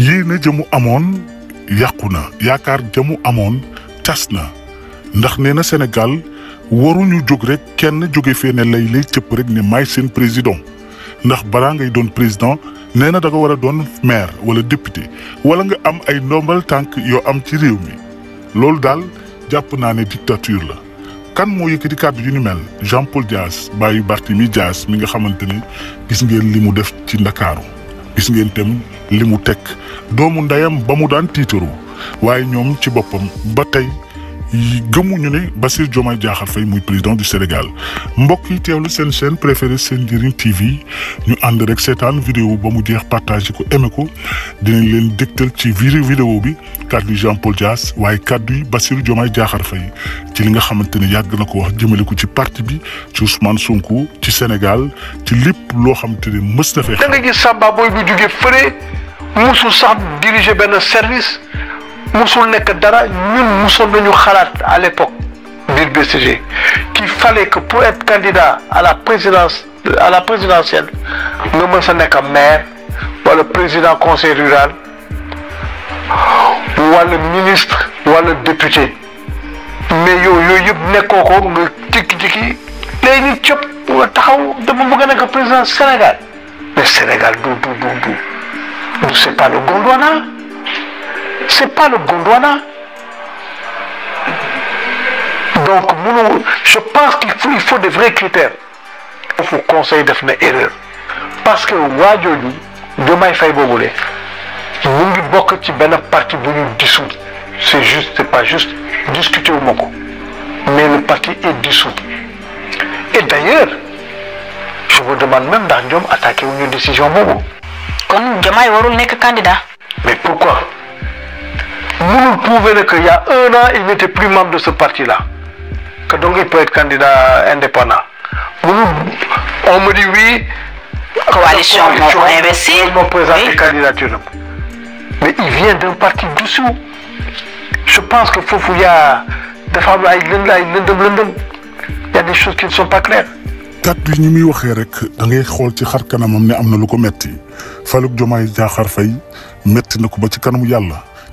yéene jëmu amoon yàqu na yaakaar jëmu amoon cas na ndax nee na Sénégal waruñu jóg rek kenn jóge fee ne lay lay cëpp rek ne maay seen présidon ndax balaa ngay doon président nee na da war a doon maire wala député wala nga am ay ndombal tànk yoo am ci réew mi loolu daal jàpp naa ne dictature la. kan moo yëkkati kàddu yu ni mel Jean Paul Dias bàyyi Barthélemy Dias mi nga xamante ni gis ngeen li mu def ci Ndakaaru. gis ngeen li mu teg doomu ndeyam ba mu daan tiitaru waaye ñoom ci boppam ba tey gëmuñu né Bassir Diomaye Fay muy président du Sénégal mbokk yi téwlu sen chaîne préférée sen TV ñu avons rek sétane vidéo ba mu jeex partager ko aimé ko dinañ leen ci vidéo vidéo bi kaddu Jean Paul Dias kaddu Bassir Diomaye Diakhar ci li nga xamanteni yag wax ci parti bi ci Ousmane Sonko ci Sénégal ci lepp lo xamanteni ne da nga gis Samba Boy diriger service. Nous sommes dara ñun à l'époque du BCG qu'il fallait que pour être candidat à la présidence à la présidentielle nous mën sa nekk maire le président conseil rural ou le ministre le député mais yow yooyu yëpp nekkoo ko nga jékki-jékki taxaw dama président Sénégal mais Sénégal c'est pas le Gondwana c'est pas le Gondwana. Donc, je pense qu'il faut, des vrais critères. Il faut conseiller de faire une erreur. Parce que Wadjoli, voulez. Il faut que vous le parti pour nous dissoudre. C'est juste, n'est pas juste. Discuter au Moko. Mais le parti est dissous. Et d'ailleurs, je vous demande même d'attaquer une décision Mobo. Quand jamais Warul pas que candidat. Mais pourquoi vous prouvez qu'il y a un an, il n'était plus membre de ce parti-là. Que donc il peut être candidat indépendant. Nous, on me dit oui. Coalition, pour investir. présenté candidature. Mais il vient d'un parti dessous. Je pense que Fofouya, il y a des choses qui ne sont pas claires. kàddu yi ñu muy waxee rek da ngay xool ci xar kanamam ne am na lu ko metti Faluk Jomaay Jaaxar Fay metti na ko ba ci kanamu yàlla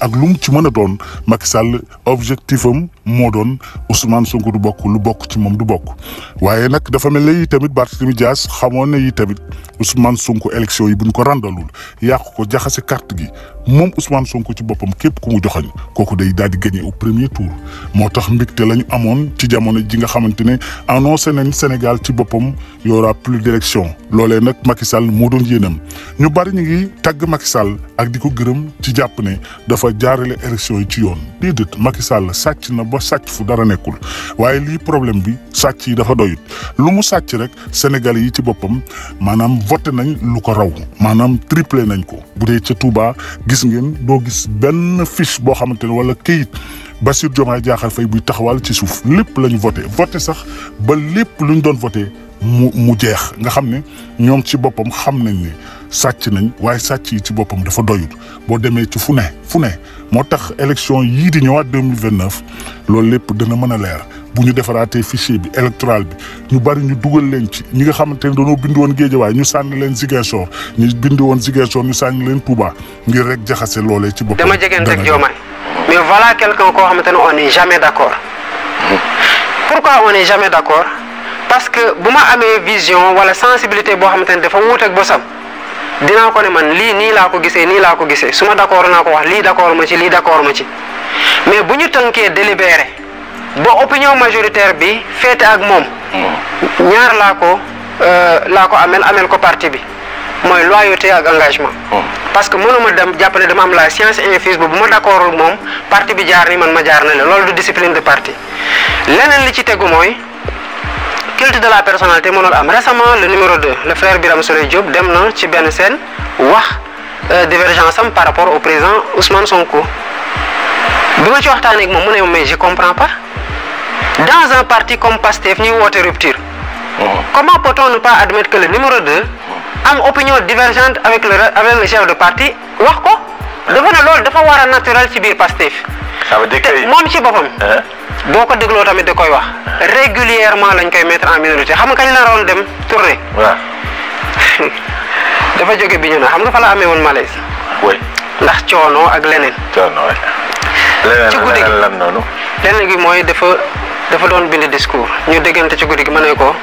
ak lu mu ci mën a doon Macky Sall objectif am moo doon Ousmane sunk du bokk lu bokk ci moom du bokk waaye nag dafa mel ne yi tamit Barthélemy Dias xamoon na yi tamit Ousmane Sonko élection yi bu buñ ko randalul yàq ko jaxase carte gi moom Ousmane sunk ci boppam képp ku mu joxañ kooku day daal di gagné au premier tour moo tax mbégte la ñu amoon ci jamono ji nga xamante ne annoncé nañ Sénégal ci boppam y aura plus d'élection loole nag Macky Sall moo doon yéenam ñu bari ñu ngi tagg Macky Sall ak di ko gërëm ci jàpp ne dafa jaarale élection yi ci yoon déedéet Macky Sall sàcc na ba sàcc fu dara nekkul waaye lii problème bi sàcc yi dafa doy lu mu sàcc rek sénégal yi ci boppam maanaam voté nañ lu ko raw maanaam triplé nañ ko bu dee ca Touba gis ngeen doo gis benn fiche boo xamante ne wala këyit Bassirou Diomaye jaaxal fay buy taxawal ci suuf lépp lañu vote voté sax ba lépp luñ doon vote mu mu jeex nga xam ne ñoom ci boppam xam nañ ne sacc nañ waaye sacc yi ci boppam dafa doyut boo demee ci fu ne fu ne moo tax élection yii di ñëwaat 2029 mille vingt neuf loolu lépp dana mën a leer bu ñu defaraatee fichier bi électoral bi ñu bari ñu dugal leen ci ñi nga xamante ne dañoo bind woon Géejawaay ñu sànni leen Ziguinchor ñu bind woon Ziguinchor ñu sànni leen Touba ngir rek jaxase loolee ci boppam. dama jegeen rek Diomaye mais voilà quelqu'un koo xamante ne on est jamais d'accord. pourquoi on est jamais d'accord parce que bu ma amee vision wala sensibilité boo xamante ne dafa wuuteeg bosam. dinaa ko ne man lii nii laa ko gisee nii laa ko gisee su ma d'accord naa ko wax lii d'accord ma ci lii d'accord ma ci mais bu ñu tënkee délibéré ba opinion majoritaire bi féete ak moom. ñaar laa ko euh, laa ko ameel ameel ko parti bi mooy loyauté ak engagement. Oh. parce que mënuma dem jàpp dama am la science infuse bu ma d'accordul moom parti bi jaar ni man ma jaar na la loolu du discipline de parti leneen li ci tegu mooy. culte de la personnalité mon am récemment le numéro 2 le frère Biram Souleye Diop dem na ci ben scène wax euh, divergence par rapport au président Ousmane Sonko bi ci mais je comprends pas dans un parti comme PASTEF ñuy wote rupture. Oh. comment peut-on ne pas admettre que le numéro 2 une opinion divergente avec le avec le chef de parti wax ko dafa bonheur dafa wara naturel ci PASTEF. ça veut dire que ci boo ko dégloo tamit da koy wax régulièrement lañ koy mettre en minorité xam nga kañ la waroon dem tournée. waaw. dafa jóge bi ñu na xam nga fa la amee woon malaise. oui ndax coono ak leneen. coono leneen ci guddi gi leneen gi mooy dafa dafa doon bind discours ñu déggante ci guddi gi ma ne ko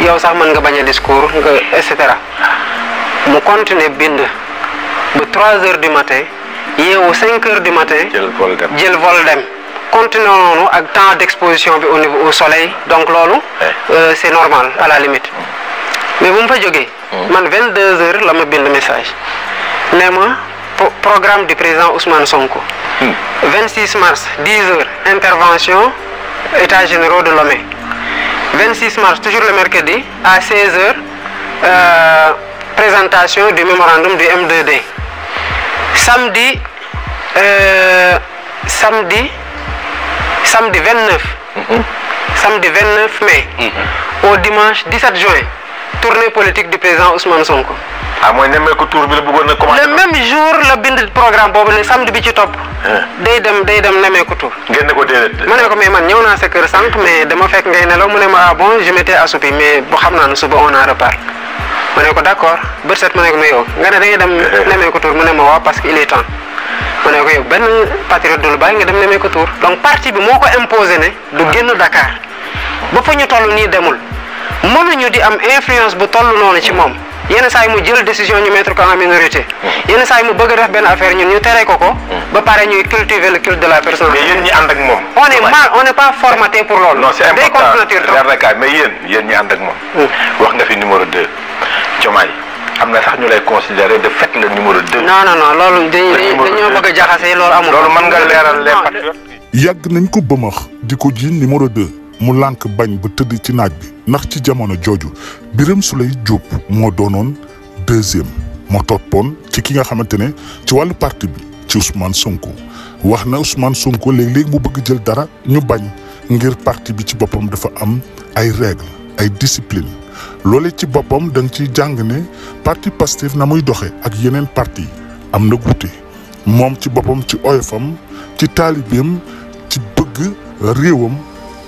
yow sax mën nga bañ a discours nga et cetera mu continuer bind ba 3 heures du matin yeewu 5 heures du matin. jël vol dem. Continuons-nous avec temps d'exposition au niveau au soleil donc là, euh, c'est normal à la limite. mais vous pouvez juger. man 22 heures la mobile le message nee programme du président Ousmane Sonko. 26 mm. mars 10 h intervention état général de l'homme. 26 mars toujours le mercredi à 16 h euh, présentation du mémorandum du M2D. Samedi euh, samedi samedi 29. Mm-hmm. samedi 29 mai. Mm-hmm. au dimanche 17 juin. tournée politique du président Ousmane Sonko. ah mooy nemmeeku tour bi la bëggoon le même jour la bind programme boobu samedi bi ci topp. Ah. day dem dès dem nemmeeku tour. ngeen ne ko déedéet. ma ne ko mais man ñëw naa sa kër sànq mais dama fekk ngay nelaw mu ne ma ah bon je m'étais assoupi mais bon xam naa suba on en reparle. ma ne ko d' accord bët set ma ne ko mais yow nga ne da ngay dem nemmeeku tour mu ne ma waaw parce qu'il est temps mu ne ko yow benn patriote du lu bàyyi nga dem nemee ko tour donc parti bi moo ko imposé ne du génn Dakar ba fa ñu toll nii demul mënuñu di am influence bu toll noonu ci moom yenn saa yi mu jël décision ñu mettre ko en minorité yenn saa yi mu bëgg def benn affaire ñun ñu tere ko ko ba pare ñuy cultiver le culte de la personne mais yéen ñi ànd ak moom on est mal on est pas formaté pour loolu non c'est important mais yéen yéen ñi ànd ak moom hmm. wax nga fi numéro deux Diomaye am na sax ñu lay considérer de fait le numéro 2. non non loolu dañoo bëgg a loolu amul. loolu mën nga leeral les patriotes. yàgg nañ ko bëmax di ko ji numéro 2. mu lànk bañ bu tëdd ci naaj bi ndax ci jamono jooju Birame Souleye Diop moo doonoon deuxième moo toppoon ci ki nga xamante ne ci wàll parti bi ci Ousmane Sonko wax na Ousmane Sonko léegi-léegi mu bëgg jël dara ñu bañ ngir parti bi ci boppam dafa am ay règles ay discipline Lole ti bopom den ki djangene, parti pastif nan mwen doke ak yenen parti amne gouti. Mwen ti bopom ti oyefom, ti talibim, ti bug, riwom,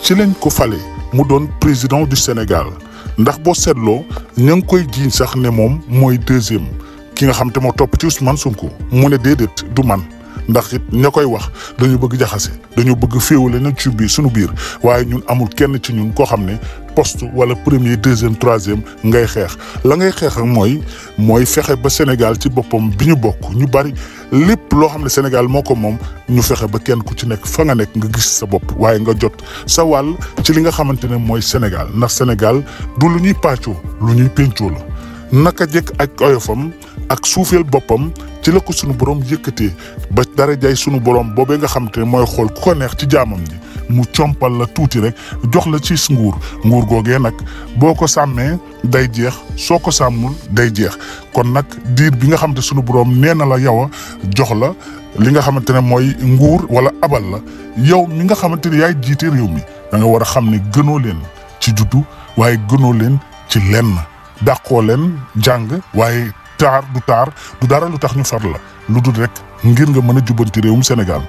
ti len kofale mwen don prezident du Senegal. Ndak bo sed lo, nyen kwe djin sak ne mwen mwen yi dezem. Ki nye hamte mwen top tis man son ko, mwen e dedet duman. ndax it ña koy wax dañu bëgg jaxase dañu bëgg féewale na ci biir suñu biir waaye ñun amul kenn ci ñun koo xam ne poste wala premier deuxième troisième ngay xeex la ngay xeex ak mooy mooy fexe ba Sénégal ci boppam bi ñu bokk ñu bari lépp loo xam ne Sénégal moo ko moom ñu fexe ba kenn ku ci nekk fa nga nekk nga gis sa bopp waaye nga jot sa wàll ci li nga xamante ne mooy Sénégal ndax Sénégal du lu ñuy pàccoo lu ñuy péncoo la naka jëkk ak oyofam ak suufeel boppam ci la ko sunu borom yëkkatee ba dara jay sunu borom boobee nga xamante te ne mooy xool ku ko neex ci jaamam ji mu compal la tuuti rek jox la ci nguur nguur googee nag boo ko sàmmee day jeex soo ko sàmmul day jeex kon nag diir bi nga xam te sunu borom nee na la yow jox la li nga xamante ne mooy nguur wala abal la yow mi nga xamante ne yaay jiite réew mi da nga war a xam ne gënoo leen ci juddu waaye gënoo leen ci lenn dàqoo leen jàng waaye taar du taar du dara lu tax ñu far la lu dul rek ngir nga mën a jubbanti réewum Sénégal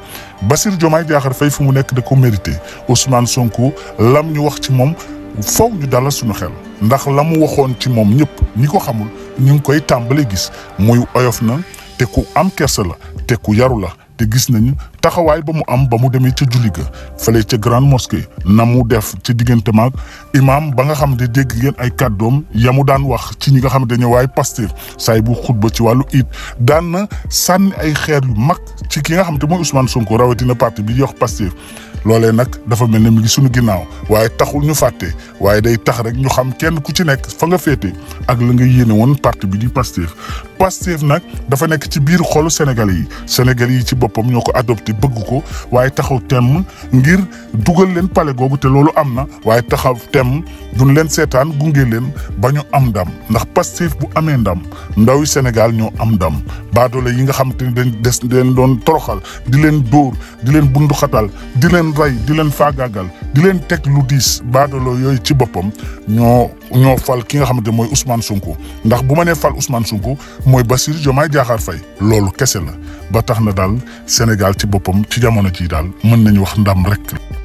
Bassirou Diomaye Diakhar fay fu mu nekk da ko mérité Ousmane Sonko lam ñu wax ci moom faw ñu dalal suñu xel ndax la mu waxoon ci moom ñëpp ñi ko xamul ñu ngi koy tàmbale gis muy oyof na te ku am kersa la te ku yaru la te gis nañu taxawaay ba mu am ba mu demee ca julli ga fële ca grande mosquée na mu def ci diggante maag imaam ba nga xam de dégg ngeen ay kàddoom ya mu daan wax ci ñi nga xam ne waaye Pastef saay bu xutba ci wàllu it daan na sànni ay xeer yu mag ci ki nga xam te mooy Ousmane Sonko rawatina parti bi yox Pastef loolee nag dafa mel ne mi ngi suñu ginnaaw waaye taxul ñu fàtte waaye day tax rek ñu xam kenn ku ci nekk fa nga féete ak la nga yéene woon parti bi di Pastef Pastef nag dafa nekk ci biir xolu Sénégalais yi sénégal yi ci boppam ñoo ko adopté bëggu ko waaye taxaw temm ngir dugal leen pale googu te loolu am na waaye taxaw temm duñ leen seetaan gunge leen ba ñu am ndam ndax Pastef bu amee ndam ndaw Sénégal ñoo am ndam baadoole yi nga xam te ne des leen doon toroxal di leen dóor di leen bunduxatal di leen rey di leen faagaagal di leen teg lu diis baadoolo yooyu ci boppam ñoo ñoo fal ki nga xamante mooy Ousmane Sonko ndax bu ma nee fal Ousmane mooy Bassirou Diomaye Diakhar fay loolu kese la ba tax na daal Sénégal ci boppam ci jamono jii daal mën nañu wax ndam rek.